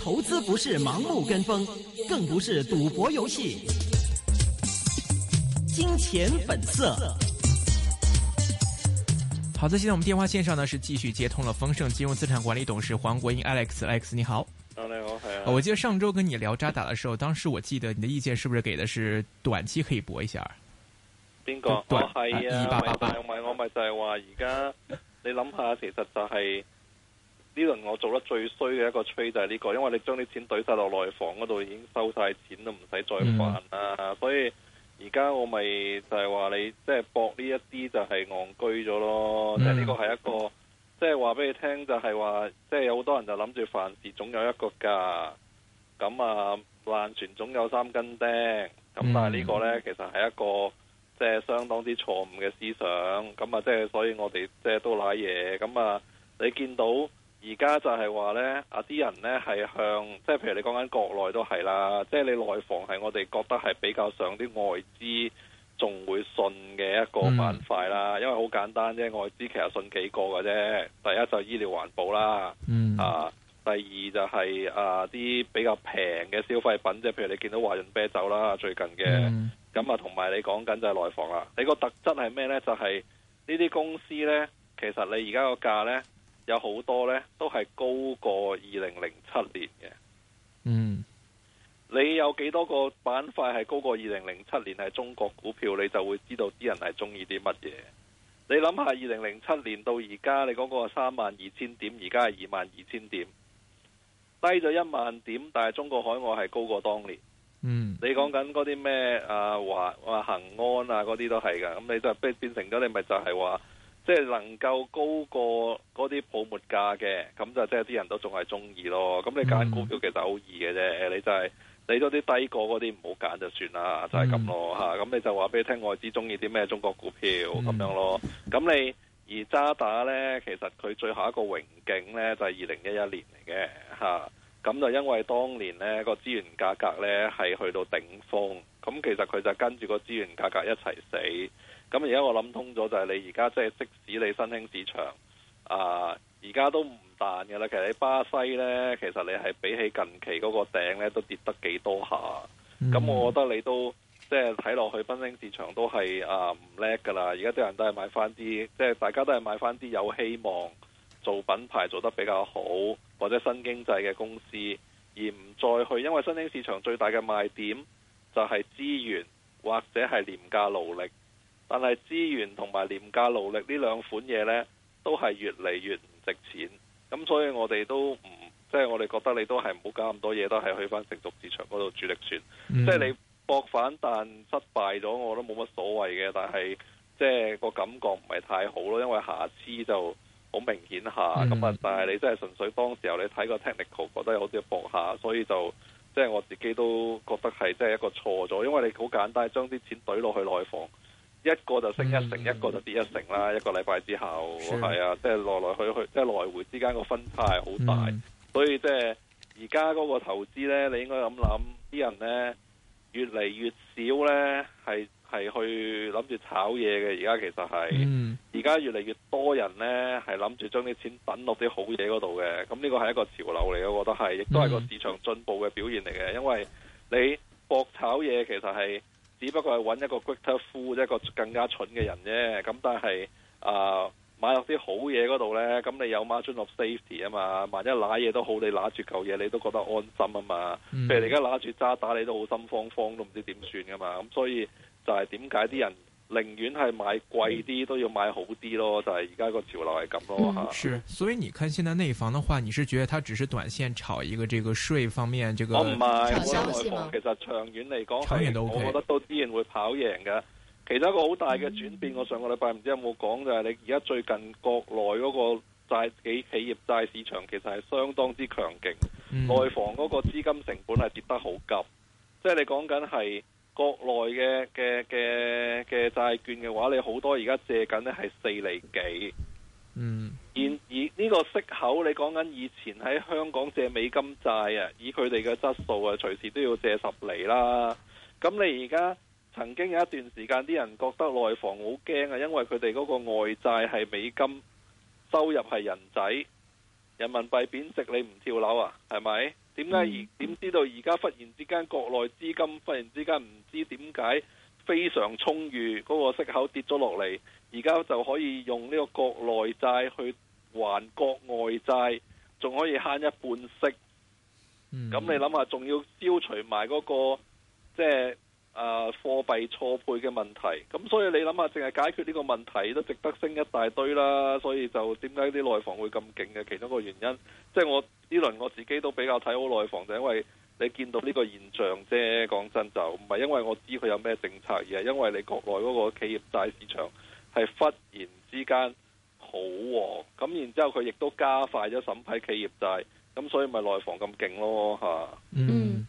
投資不是盲目跟風，更不是賭博遊戲。金錢本色。好的，現在我們電話線上呢是繼續接通了。豐盛金融資產管理董事黃國英 Alex，Alex 你好。我記得上周跟你聊渣打的時候，當時我記得你的意見是不是給的是短期可以搏一下？邊個？我係啊。咪咪我咪就係話而家。你諗下，其實就係呢輪我做得最衰嘅一個 trade 就係呢個，因為你將啲錢懟晒落內房嗰度，已經收晒錢都唔使再犯啦。嗯、所以而家我咪就係話你，即係博呢一啲就係戇居咗咯。即係呢個係一個，即係話俾你聽，就係話，即係有好多人就諗住凡事總有一個價，咁啊爛船總有三根釘。咁但係呢個呢，嗯、其實係一個。即係相當之錯誤嘅思想，咁啊，即係所以我哋即係都賴嘢，咁啊，你見到而家就係話呢，啊啲人呢係向，即係譬如你講緊國內都係啦，即係你內房係我哋覺得係比較上啲外資仲會信嘅一個板塊啦，嗯、因為好簡單啫，外資其實信幾個嘅啫，第一就醫療環保啦，嗯、啊，第二就係啊啲比較平嘅消費品，即係，譬如你見到華潤啤酒啦，最近嘅。嗯。咁啊，同埋、嗯、你講緊就係內房啦。你個特質係咩呢？就係呢啲公司呢，其實你而家個價呢，有好多呢都係高過二零零七年嘅。嗯，你有幾多個板塊係高過二零零七年，係中國股票，你就會知道啲人係中意啲乜嘢。你諗下二零零七年到而家，你講個三萬二千點，而家係二萬二千點，低咗一萬點，但係中國海外係高過當年。嗯，你講緊嗰啲咩啊？話話恆安啊，嗰啲都係噶。咁你，你就係變成咗，你咪就係話，即係能夠高過嗰啲泡沫價嘅，咁就即係啲人都仲係中意咯。咁你揀股票其實好易嘅啫、嗯就是，你就係你都啲低過嗰啲唔好揀就算啦，就係、是、咁咯咁、嗯啊、你就話俾你聽，外資中意啲咩中國股票咁、嗯、樣咯。咁你而渣打咧，其實佢最後一個榮景咧就係二零一一年嚟嘅嚇。咁就因為當年呢，呢個資源價格呢係去到頂峰，咁其實佢就跟住個資源價格一齊死。咁而家我諗通咗就係你而家即係即使你新興市場啊，而家都唔彈㗎啦。其實喺巴西呢，其實你係比起近期嗰個頂呢都跌得幾多下。咁、嗯、我覺得你都即係睇落去，新興市場都係啊唔叻噶啦。而家啲人都係買翻啲，即係大家都係買翻啲有希望。做品牌做得比較好，或者新經濟嘅公司，而唔再去，因為新興市場最大嘅賣點就係資源或者係廉價勞力，但係資源同埋廉價勞力這東西呢兩款嘢咧，都係越嚟越唔值錢，咁所以我哋都唔，即、就、係、是、我哋覺得你都係唔好搞咁多嘢，都係去翻成熟市場嗰度主力算。即係、嗯、你搏反彈失敗咗，我都冇乜所謂嘅。但係即係個感覺唔係太好咯，因為瑕疵就。好明顯下，咁啊！但係你真係純粹當時候你睇個 technical 覺得好似薄一下，所以就即係、就是、我自己都覺得係即係一個錯咗，因為你好簡單將啲錢堆落去內房，一個就升一成，嗯、一個就跌一成啦。嗯、一個禮拜之後係啊，即係的的、就是、來來去去，即、就、係、是、來回之間個分差係好大，嗯、所以即係而家嗰個投資呢，你應該咁諗，啲人呢，越嚟越少呢係。是係去諗住炒嘢嘅，而家其實係，而家、嗯、越嚟越多人呢，係諗住將啲錢抌落啲好嘢嗰度嘅，咁呢個係一個潮流嚟嘅，我覺得係，亦都係個市場進步嘅表現嚟嘅。嗯、因為你博炒嘢其實係只不過係搵一個 greater fool，一個更加蠢嘅人啫。咁但係啊、呃，買落啲好嘢嗰度呢，咁你有 margin of safety 啊嘛，萬一瀨嘢都好，你瀨住嚿嘢你都覺得安心啊嘛。嗯、譬如你而家瀨住渣打，你都好心慌慌，都唔知點算噶嘛。咁所以。就係點解啲人寧願係買貴啲都要買好啲咯，就係而家個潮流係咁咯吓，嗯。是，所以你看現在內房的話，你是覺得它只是短綫炒一個這個稅方面這個？我唔係，其實長遠嚟講，長遠都 OK。我覺得都依然會跑贏嘅。其實一個好大嘅轉變，嗯、我上個禮拜唔知有冇講，就係你而家最近國內嗰個債企企業債市場其實係相當之強勁，嗯、內房嗰個資金成本係跌得好急，即係你講緊係。國內嘅嘅嘅嘅債券嘅話，你好多而家借緊咧係四厘幾。嗯，而而呢個息口，你講緊以前喺香港借美金債啊，以佢哋嘅質素啊，隨時都要借十厘啦。咁你而家曾經有一段時間，啲人覺得內房好驚啊，因為佢哋嗰個外債係美金，收入係人仔，人民幣貶值，你唔跳樓啊，係咪？點解？而點知道而家忽然之間國內資金忽然之間唔知點解非常充裕，嗰、嗰個息口跌咗落嚟，而家就可以用呢個國內債去還國外債，仲可以慳一半息。咁你諗下，仲要消除埋、那、嗰個即係。就是誒、啊、貨幣錯配嘅問題，咁所以你諗下，淨係解決呢個問題都值得升一大堆啦。所以就點解啲內房會咁勁嘅？其中一個原因，即、就、係、是、我呢輪我自己都比較睇好內房，就係、因為你見到呢個現象啫。講真就唔係因為我知佢有咩政策，而係因為你國內嗰個企業債市場係忽然之間好旺、啊，咁然之後佢亦都加快咗審批企業債，咁所以咪內房咁勁咯嚇。啊、嗯。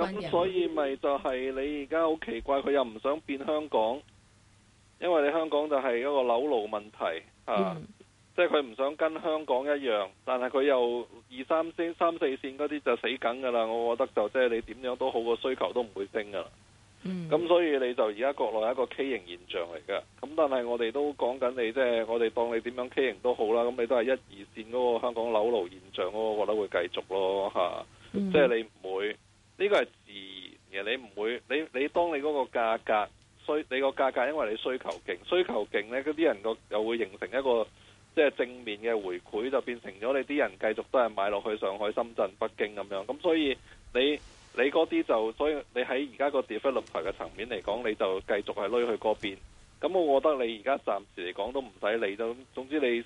咁所以咪就係你而家好奇怪，佢又唔想變香港，因為你香港就係一個樓壟問題，嚇、嗯，即係佢唔想跟香港一樣，但係佢又二三線、三四線嗰啲就死梗噶啦。我覺得就即係你點樣都好，個需求都唔會升噶啦。咁、嗯、所以你就而家國內一個 K 型現象嚟嘅。咁但係我哋都講緊你，即、就、係、是、我哋當你點樣 K 型都好啦。咁你都係一二線嗰個香港樓壟現象，我覺得會繼續咯吓，即、啊、係、就是、你唔會。呢個係自然嘅，你唔會你你當你嗰個價格需你個價格，你價格因為你需求勁，需求勁呢，嗰啲人個又會形成一個即係正面嘅回饋，就變成咗你啲人繼續都係買落去上海、深圳、北京咁樣。咁所以你你嗰啲就所以你喺而家個 different 嘅層面嚟講，你就繼續係攞去嗰邊。咁我覺得你而家暫時嚟講都唔使理到。總之你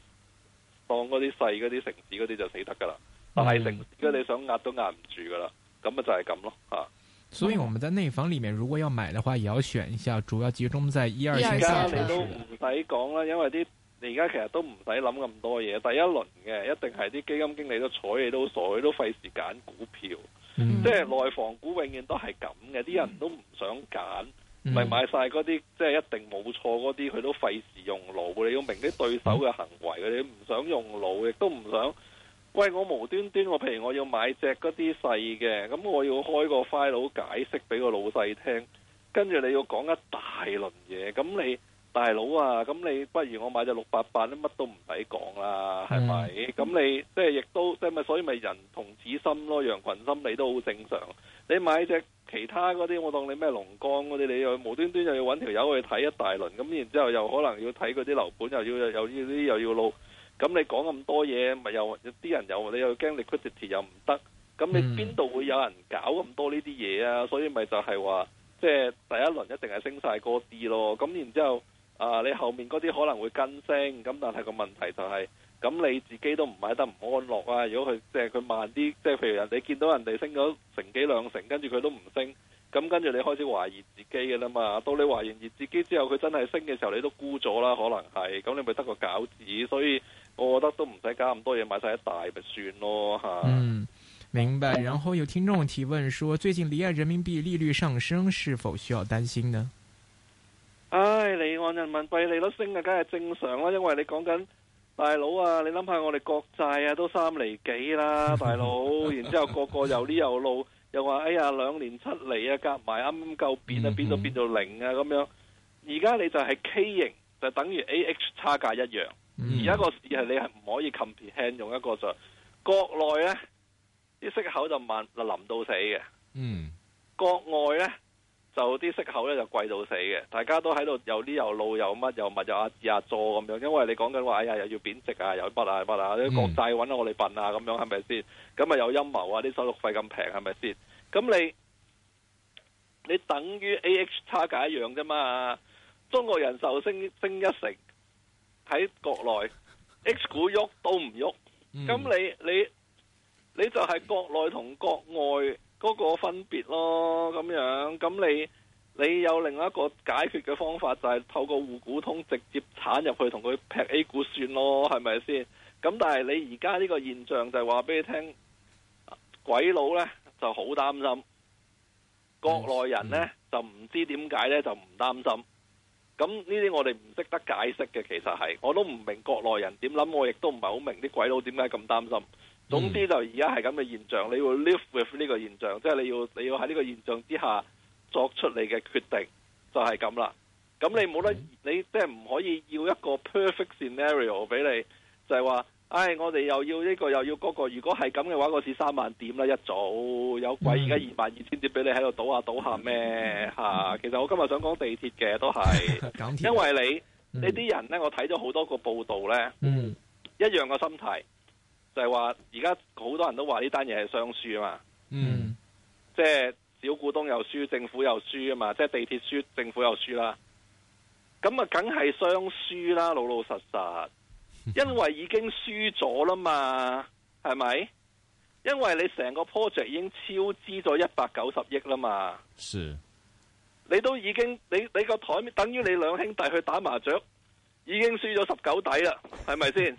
當嗰啲細嗰啲城市嗰啲就死得㗎啦，大城市你想壓都壓唔住㗎啦。咁啊就係咁咯，吓。所以我們在內房裏面如果要買嘅話，也要選一下，主要集中在一二線城市。而家你都唔使講啦，因為啲你而家其實都唔使諗咁多嘢。第一輪嘅一定係啲基金經理都睬你，你都傻，佢都費時揀股票，嗯、即係內房股永遠都係咁嘅。啲、嗯、人都唔想揀，咪、嗯、買晒嗰啲即係一定冇錯嗰啲，佢都費時用腦。你要明啲對手嘅行為，佢哋唔想用腦，亦都唔想。喂，我無端端我譬如我要買隻嗰啲細嘅，咁我要開個 file 解釋俾個老細聽，跟住你要講一大輪嘢，咁你大佬啊，咁你不如我買隻六八八，嗯、都乜都唔使講啦，係咪？咁你即係亦都即係咪？所以咪人同此心咯，羊群心理都好正常。你買隻其他嗰啲，我當你咩龍江嗰啲，你又無端端又要揾條友去睇一大輪，咁然之後又可能要睇嗰啲樓盤，又要又啲又，又要老。咁你講咁多嘢，咪又啲人又你又驚 liquidity 又唔得，咁你邊度會有人搞咁多呢啲嘢啊？所以咪就係話，即係第一輪一定係升曬嗰啲咯。咁然之後啊，你後面嗰啲可能會跟升，咁但係個問題就係，咁你自己都唔買得唔安樂啊！如果佢即係佢慢啲，即係譬如人哋見到人哋升咗成幾兩成，跟住佢都唔升，咁跟住你開始懷疑自己嘅啦嘛。到你懷疑自己之後，佢真係升嘅時候，你都沽咗啦，可能係，咁你咪得個餃子，所以。我覺得都唔使搞咁多嘢，買晒一大咪算咯吓。嗯，明白。然後有聽眾提問說：最近離岸人民幣利率上升，是否需要擔心呢？唉、哎，離岸人民幣利率升啊，梗係正常啦，因為你講緊大佬啊，你諗下我哋國債啊都三厘幾啦，大佬。 然之後各個個又呢又路，又話哎呀兩年七厘啊，夾埋啱啱夠變，變，變啊，變到變到零啊咁樣。而家你就係 K 型，就等於 A H 差價一樣。而家個事係你係唔可以 compare 用一個就國內咧啲息口就慢就淋到死嘅。嗯，國外咧就啲息口咧就貴到死嘅，大家都喺度有啲又路又乜又物又啊住壓助咁樣，因為你講緊話哎呀又要貶值啊，又乜啊乜啊啲國債揾到我哋笨啊咁樣係咪先？咁啊有陰謀啊啲手續費咁平係咪先？咁你你等於 A H 差價一樣啫嘛，中國人壽升升一成。喺國內，A 股喐都唔喐，咁你你你就係國內同國外嗰個分別咯，咁樣咁你你有另一個解決嘅方法就係透過滬股通直接鏟入去同佢劈 A 股算咯，係咪先？咁但係你而家呢個現象就係話俾你聽，鬼佬呢就好擔心，國內人呢就唔知點解呢，就唔擔心。咁呢啲我哋唔識得解釋嘅，其實係我都唔明國內人點諗，我亦都唔係好明啲鬼佬點解咁擔心。總之就而家係咁嘅現象，你要 live with 呢個現象，即係你要你要喺呢個現象之下作出你嘅決定，就係咁啦。咁你冇得你即係唔可以要一個 perfect scenario 俾你，就係話。唉，我哋又要呢個又要嗰個，如果係咁嘅話，個市三萬點啦，一早有鬼。而家二萬二千點俾你喺度賭下賭下咩吓？其實我今日想講地鐵嘅都係， 因為你，嗯，你呢啲人咧，我睇咗好多個報道咧，嗯，一樣個心態就係話，而家好多人都話呢單嘢係雙輸啊嘛，嗯，即係小股東又輸，政府又輸啊嘛，即係地鐵輸，政府又輸啦，咁啊，梗係雙輸啦，老老實實。 因為已經輸咗啦嘛，係咪？因為你成個 project 已經超支咗一百九十億啦嘛，是你都已經你你個台面等於你兩兄弟去打麻雀，已經輸咗十九底啦，係咪先？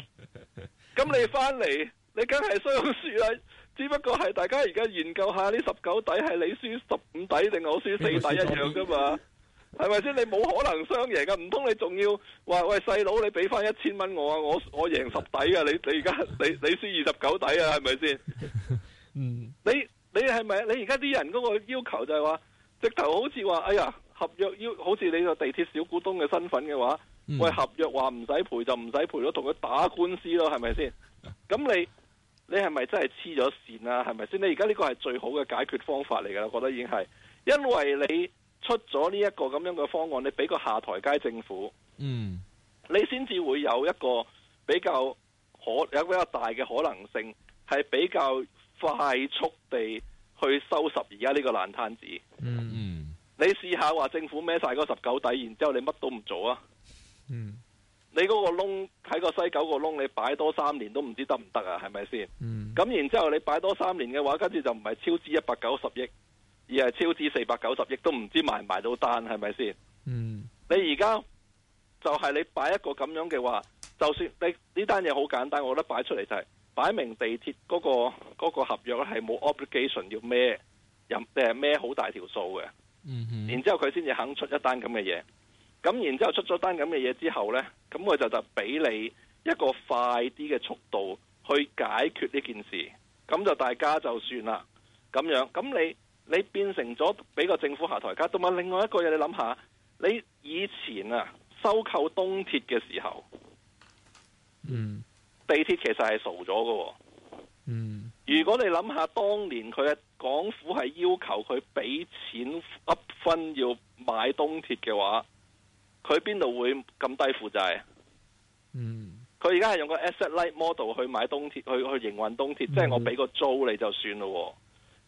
咁 你翻嚟，你梗係需要輸啦。只不過係大家而家研究下呢十九底係你輸十五底定我輸四底一樣㗎嘛。 係咪先？你冇可能雙贏噶，唔通你仲要話喂，細佬，你俾翻一千蚊我啊，我我贏十底噶，你你而家你你輸二十九底啊，係咪先？嗯，你你係咪？你而家啲人嗰個要求就係話，直頭好似話，哎呀合約要好似你個地鐵小股東嘅身份嘅話，嗯、喂合約話唔使賠就唔使賠咯，同佢打官司咯，係咪先？咁你你係咪真係黐咗線啊？係咪先？你而家呢個係最好嘅解決方法嚟噶啦，我覺得已經係，因為你。出咗呢一個咁樣嘅方案，你俾個下台階政府，嗯，你先至會有一個比較可有比較大嘅可能性，係比較快速地去收拾而家呢個爛攤子，嗯。嗯，你試下話政府孭晒個十九底，然之後你乜都唔做啊？嗯，你嗰個窿喺個西九個窿，你擺多三年都唔知得唔得啊？係咪先？嗯，咁然之後你擺多三年嘅話，跟住就唔係超支一百九十億。而係超支四百九十億都唔知埋唔埋到單，係咪先？嗯，你而家就係你擺一個咁樣嘅話，就算你呢單嘢好簡單，我覺得擺出嚟就係擺明地鐵嗰個嗰個合約係冇 obligation 要孭任定係孭好大條數嘅。嗯嗯哼，然之後佢先至肯出一單咁嘅嘢，咁然之後出咗單咁嘅嘢之後咧，咁佢就就俾你一個快啲嘅速度去解決呢件事，咁就大家就算啦。咁樣咁你。你變成咗俾個政府下台架，同埋另外一個嘢，你諗下，你以前啊收購東鐵嘅時候，嗯，地鐵其實係傻咗㗎嗯。如果你諗下當年佢嘅港府係要求佢俾錢噏分要買東鐵嘅話，佢邊度會咁低負債？嗯。佢而家係用個 asset light model 去買東鐵，去去營運東鐵，即係、嗯、我俾個租你就算咯。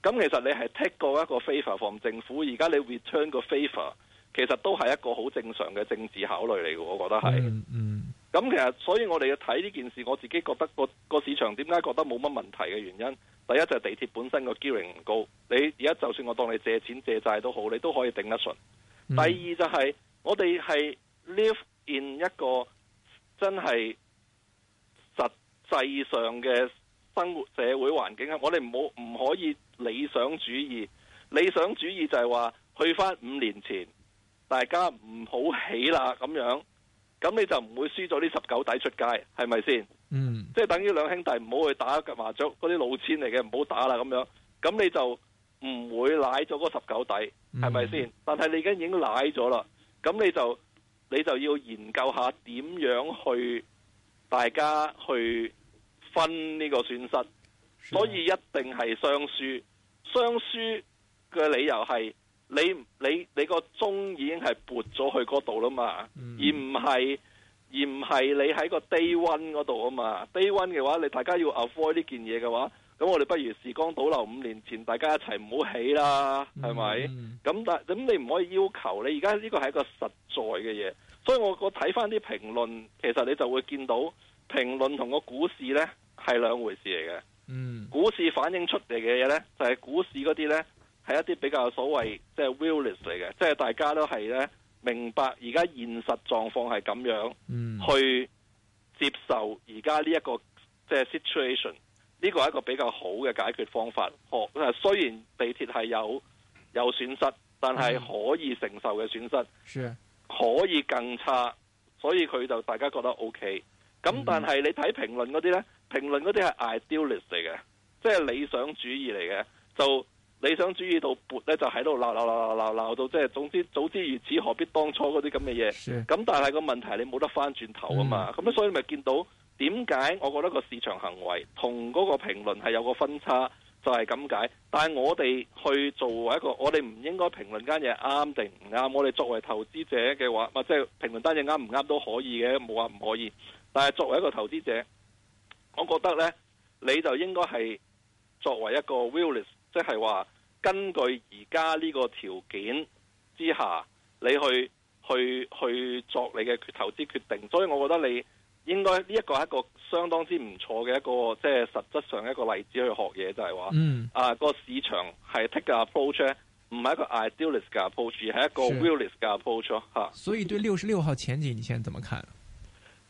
咁其實你係 take 過一個 favor from 政府，而家你 return 個 favor，其實都係一個好正常嘅政治考慮嚟嘅，我覺得係。咁、mm hmm. 其實所以我哋要睇呢件事，我自己覺得個個市場點解覺得冇乜問題嘅原因，第一就係、是、地鐵本身個 gearing 唔高，你而家就算我當你借錢借債都好，你都可以頂得順。Mm hmm. 第二就係、是、我哋係 live in 一個真係實際上嘅，生活社會環境啊！我哋唔好唔可以理想主義。理想主義就係話去返五年前，大家唔好起啦咁樣。咁你就唔會輸咗啲十九底出街，係咪先？嗯，即係等於兩兄弟唔好去打麻雀，嗰啲老千嚟嘅唔好打啦咁樣。咁你就唔會瀨咗嗰十九底，係咪先？嗯、但係你而家已經瀨咗啦，咁你就你就要研究下點樣去大家去。分呢個損失，Sure. 所以一定係雙輸。雙輸嘅理由係你你你個鐘已經係撥咗去嗰度啦嘛，mm. 而唔係而唔係你喺個 day one 嗰度啊嘛。Day one 嘅話，你大家要 avoid 呢件嘢嘅話，咁我哋不如時光倒流五年前，大家一齊唔好起啦，係咪、mm.？咁但咁你唔可以要求你而家呢個係一個實在嘅嘢，所以我我睇翻啲評論，其實你就會見到。評論同個股市呢係兩回事嚟嘅。嗯，股市反映出嚟嘅嘢呢，就係股市嗰啲呢，係一啲比較所謂即係、就是、realist 嚟嘅，即係大家都係呢，明白而家現實狀況係咁樣，嗯、去接受而家呢一個即係 situation。呢、就是、個係一個比較好嘅解決方法。學、哦、雖然地鐵係有有損失，但係可以承受嘅損失，嗯、可以更差，所以佢就大家覺得 O、OK、K。咁但係你睇評論嗰啲呢，評論嗰啲係 idealist 嚟嘅，即係理想主義嚟嘅，就理想主義到撥呢，就喺度鬧鬧鬧鬧鬧到，即係總之早知如此何必當初嗰啲咁嘅嘢。咁是但係個問題係你冇得翻轉頭啊嘛，咁、嗯、所以咪見到點解我覺得個市場行為同嗰個評論係有個分差就係咁解。但係我哋去做一個，我哋唔應該評論間嘢啱定唔啱。我哋作為投資者嘅話，唔即係評論單嘢啱唔啱都可以嘅，冇話唔可以。誒，但係作為一個投資者，我覺得咧，你就應該係作為一個 willist，即係話根據而家呢個條件之下，你去去去作你嘅投資決定。所以我覺得你應該呢一、這個係一個相當之唔錯嘅一個即係實質上一個例子去學嘢，就係、是、話，嗯、啊、這個市場係 take 嘅 approach，唔係一個 idealistic 嘅 approach，而係一個 willist 嘅 approach 吓是。啊、所以對六十六號前景，你現在怎麼看？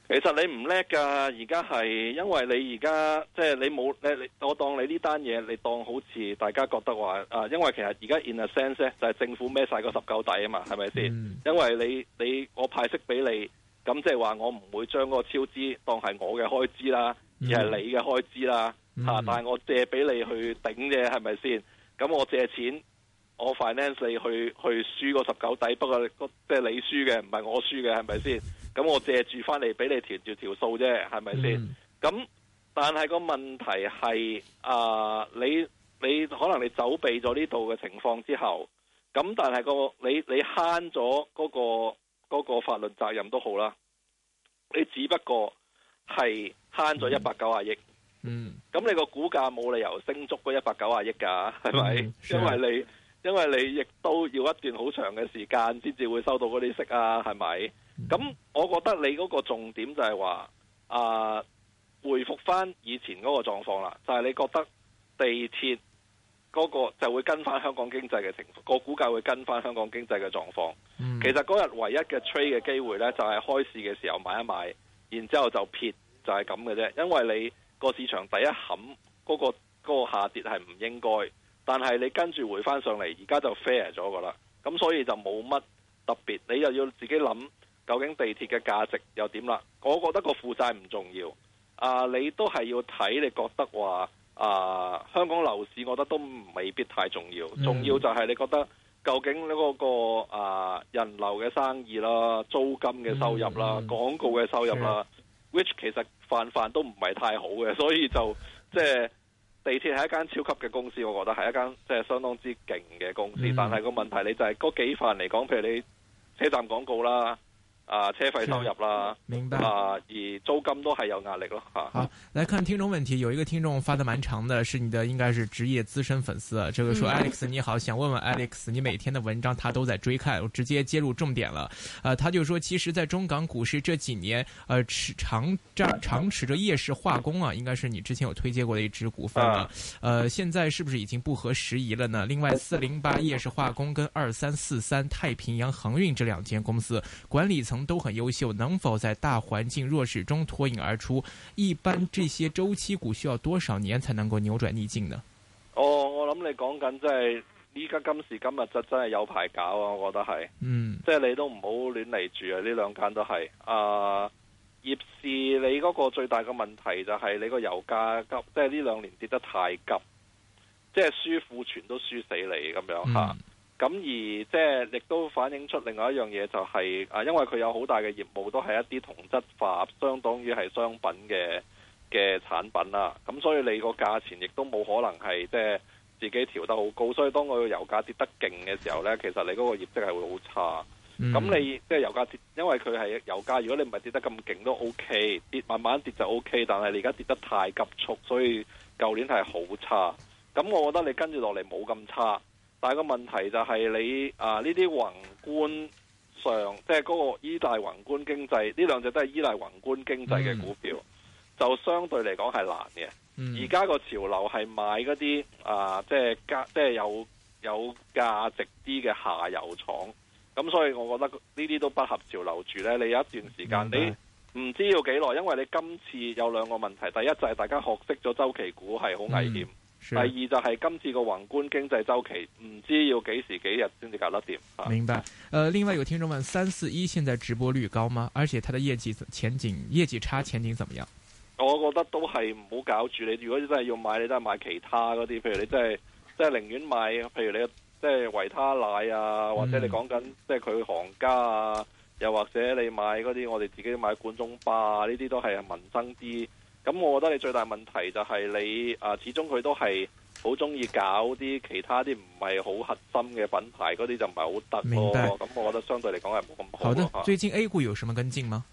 其實你唔叻噶，而家係因為你而家即係你冇，我當你呢單嘢，你當好似大家覺得話啊，因為其實而家 in a sense 就係政府孭晒個十九底啊嘛，係咪先？嗯、因為你你我派息俾你，咁即係話我唔會將嗰個超支當係我嘅開支啦，嗯、而係你嘅開支啦，吓、嗯啊，但係我借俾你去頂啫，係咪先？咁我借錢，我 finance 你去去輸個十九底，不過即係你輸嘅，唔係我輸嘅，係咪先？咁我借住翻嚟俾你填住條數啫，係咪先？咁、嗯、但係個問題係啊、呃，你你可能你走避咗呢度嘅情況之後，咁但係、嗰個你你慳咗嗰個嗰、嗰個法律責任都好啦，你只不過係慳咗一百九十億。嗯，咁你個股價冇理由升足嗰一百九十億噶，係咪、嗯？因為你因為你亦都要一段好長嘅時間，先至會收到嗰啲息啊，係咪？咁，我覺得你嗰個重點就係話啊，回復翻以前嗰個狀況啦。就係、是、你覺得地鐵嗰個就會跟翻香港經濟嘅情況，個股價會跟翻香港經濟嘅狀況。嗯、其實嗰日唯一嘅 trade 嘅機會呢，就係、是、開市嘅時候買一買，然之後就撇，就係咁嘅啫。因為你個市場第一冚嗰、那個嗰、那個、下跌係唔應該，但係你跟住回翻上嚟，而家就 fair 咗噶啦。咁所以就冇乜特別，你又要自己諗。究竟地鐵嘅價值又點啦？我覺得個負債唔重要。啊，你都係要睇你覺得話啊，香港樓市，我覺得都未必太重要。重要就係你覺得究竟呢、那、嗰個啊人流嘅生意啦、租金嘅收入啦、嗯嗯、廣告嘅收入啦的，which 其實泛泛都唔係太好嘅。所以就即係、就是、地鐵係一間超級嘅公司，我覺得係一間即係、就是、相當之勁嘅公司。嗯、但係個問題、就是，你就係嗰幾範嚟講，譬如你車站廣告啦。啊，車費收入啦，明白。啊，而租金都係有壓力咯，吓、啊。好，來看聽眾問題，有一個聽眾發得蠻長的，是你的，應該是職業資深粉絲。這、就、個、是、說 Alex 你好，想問問 Alex，你每天的文章他都在追看，我直接接入重點了。啊，他就說，其實，在中港股市這幾年，呃持長長，長持着葉氏化工啊，應該是你之前有推介過的一支股份啊。呃、啊，現在是不是已經不合時宜了呢？另外，四零八葉氏化工跟二三四三太平洋航運這兩間公司管理層。都很優秀，能否在大環境弱勢中脫穎而出？一般這些周期股需要多少年才能夠扭轉逆境呢？哦，我諗你講緊即係依家今時今日就真係有排搞啊，我覺得係，嗯，即係你都唔好亂嚟，住啊，呢兩間都係啊。葉、呃、氏，你嗰個最大嘅問題就係你個油價急，即係呢兩年跌得太急，即係輸庫存都輸死你咁樣吓。嗯咁而即係亦都反映出另外一樣嘢，就係、是、啊，因為佢有好大嘅業務都係一啲同質化，相當於係商品嘅嘅產品啦。咁所以你個價錢亦都冇可能係即係自己調得好高。所以當個油價跌得勁嘅時候咧，其實你嗰個業績係會好差。咁、嗯、你即係、就是、油價跌，因為佢係油價，如果你唔係跌得咁勁都 O K，跌慢慢跌就 O K。但係你而家跌得太急促，所以舊年係好差。咁我覺得你跟住落嚟冇咁差。但係個問題就係你啊，呢啲宏觀上即係嗰個依賴宏觀經濟呢兩隻都係依賴宏觀經濟嘅股票，嗯、就相對嚟講係難嘅。而家個潮流係買嗰啲啊，即係價即係有有價值啲嘅下游廠，咁所以我覺得呢啲都不合潮流住呢。你有一段時間、嗯、你唔知要幾耐，因為你今次有兩個問題，第一就係大家學識咗周期股係好危險。嗯第二就係今次個宏觀經濟周期唔知要幾時幾日先至搞得掂。啊、明白。呃，另外有聽眾問：三四一現在直播率高嗎？而且它的業績前景、業績差前景怎麼樣？我覺得都係唔好搞住你。如果真係要買，你都係買其他嗰啲，譬如你真係真係寧願買，譬如你即係、就是、維他奶啊，或者你講緊即係佢行家啊，又或者你買嗰啲我哋自己買管中巴啊，呢啲都係民生啲。咁我覺得你最大問題就係你啊，始終佢都係好中意搞啲其他啲唔係好核心嘅品牌，嗰啲就唔係好得㗎。咁白我覺得相對嚟講係冇咁好。好的啊、最近 A 股有什麼跟進嗎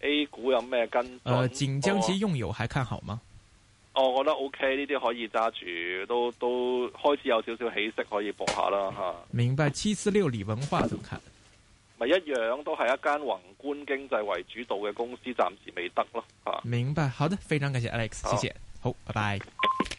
？A 股有咩跟？呃，景江其用友還看好嗎？啊、我覺得 OK，呢啲可以揸住，都都開始有少少起色，可以博下啦嚇。啊、明白，七四六理文化怎麼看？咪一樣都係一間宏觀經濟為主導嘅公司，暫時未得咯嚇。啊、明白，好的，非常感謝 Alex，好，謝謝，好，拜拜。